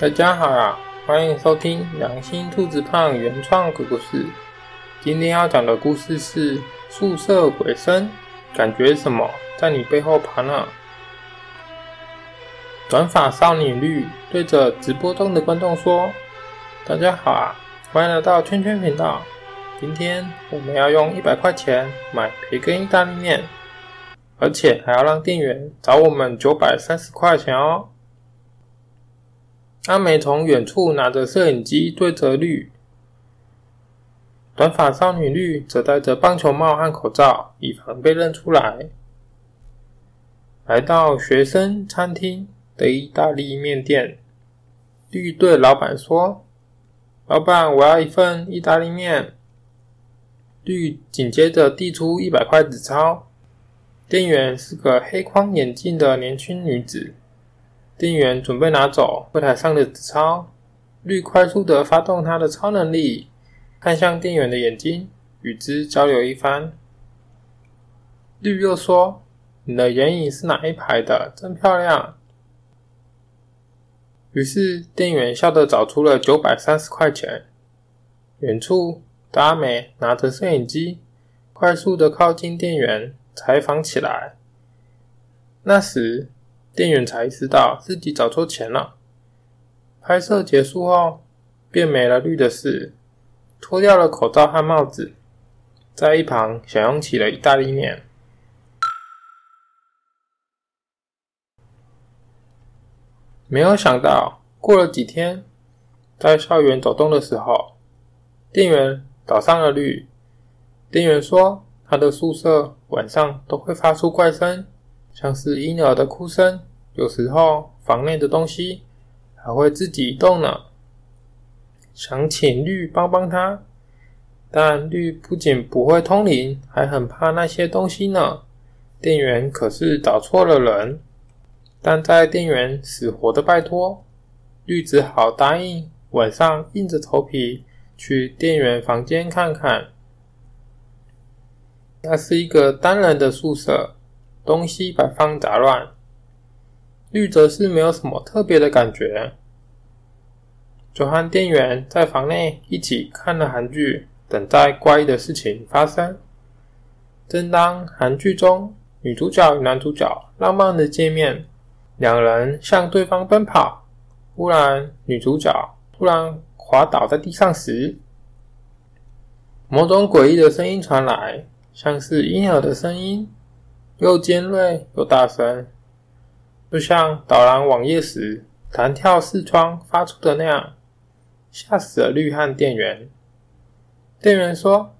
大家好啊，歡迎收聽《良心兔子胖》原創鬼故事。今天要講的故事是宿舍鬼聲，感覺什麼在你背後爬呢？短髮少女綠對着直播中的觀眾說：“大家好啊，歡迎來到圈圈頻道。今天我們要用一百塊錢買培根意大利麵，而且還要讓店員找我們九百三十塊錢哦。”阿梅從遠處拿着攝影機對着綠，短髮少女綠則戴着棒球帽和口罩，以防被認出來。來到學生餐廳的意大利麵店，綠對老闆說：“老闆，我要一份意大利麵。”綠緊接着遞出一百塊紙鈔。店員是個黑框眼鏡的年輕女子。店員準備拿走櫃台上的紙鈔，綠快速的發動他的超能力，看向店員的眼睛，與之交流一番。綠又說：“你的眼影是哪一排的？真漂亮。”於是店員笑得找出了九百三十塊錢。遠處達美拿着攝影機，快速的靠近店員採訪起來。那時，店員才意識到自己找錯錢了。拍攝結束後，便沒了綠的事，脫掉了口罩和帽子，在一旁享用起了意大利麵。沒有想到，過了幾天，在校園走動的時候，店員找上了綠。店員說，他的宿舍晚上都會發出怪聲，像是嬰兒的哭聲。有時候房內的東西還會自己動呢，想請綠幫幫他，但綠不僅不會通靈，還很怕那些東西呢。店員可是找錯了人，但在店員死活的拜托，綠只好答應，晚上硬着頭皮去店員房間看看。那是一個單人的宿舍，東西擺放雜亂。綠則是沒有什麼特別的感覺，就和店員在房內一起看了韓劇，等待怪異的事情發生。正當韓劇中女主角與男主角浪漫的見面，兩人向對方奔跑，忽然女主角突然滑倒在地上時，某種詭異的聲音傳來，像是嬰兒的聲音，又尖銳又大聲。就像導覽網頁時彈跳視窗發出的那樣，嚇死了綠和店員。店員說：“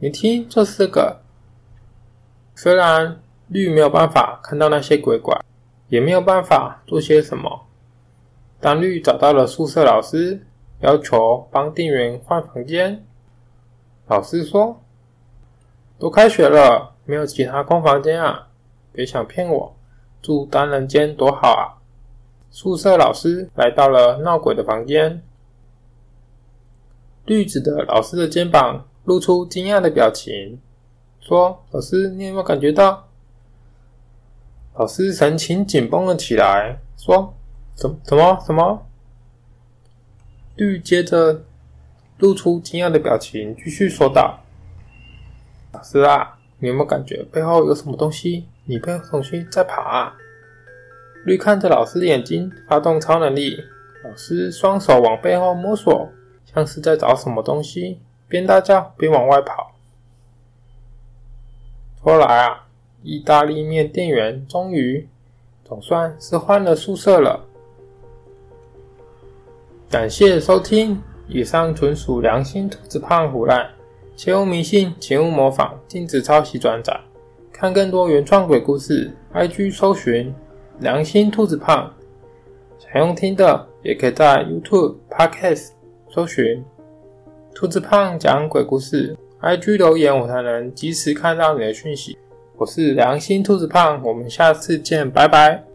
你聽，這是個……雖然綠沒有辦法看到那些鬼怪，也沒有辦法做些什麼。當綠找到了宿舍老師，要求幫店員換房間，老師說：‘都開學了，沒有其他空房間啊，別想騙我。’”住單人間多好啊！宿舍老師來到了鬧鬼的房間，綠子的老師的肩膀露出驚訝的表情，說：“老師，你有沒有感覺到？”老師神情緊繃了起來，說：“怎、怎麼、怎麼？”綠接着露出驚訝的表情，繼續說道：“老師啊，你有沒有感覺背後有什麼東西？”你不要重新再爬啊！綠看着老師的眼睛，發動超能力。老師雙手往背後摸索，像是在找什麼東西，邊大叫邊往外跑。後來啊，意大利麵店員終於總算是換了宿舍了。感謝收聽，以上純屬良心兔子胖虎爛，切勿迷信，請勿模仿，禁止抄襲轉載。看更多原創鬼故事，IG 搜尋良心兔子胖。想用聽的，也可以在 YouTube Podcast 搜尋兔子胖講鬼故事。IG 留言，我才能及時看到你的訊息。我是良心兔子胖，我們下次見，拜拜。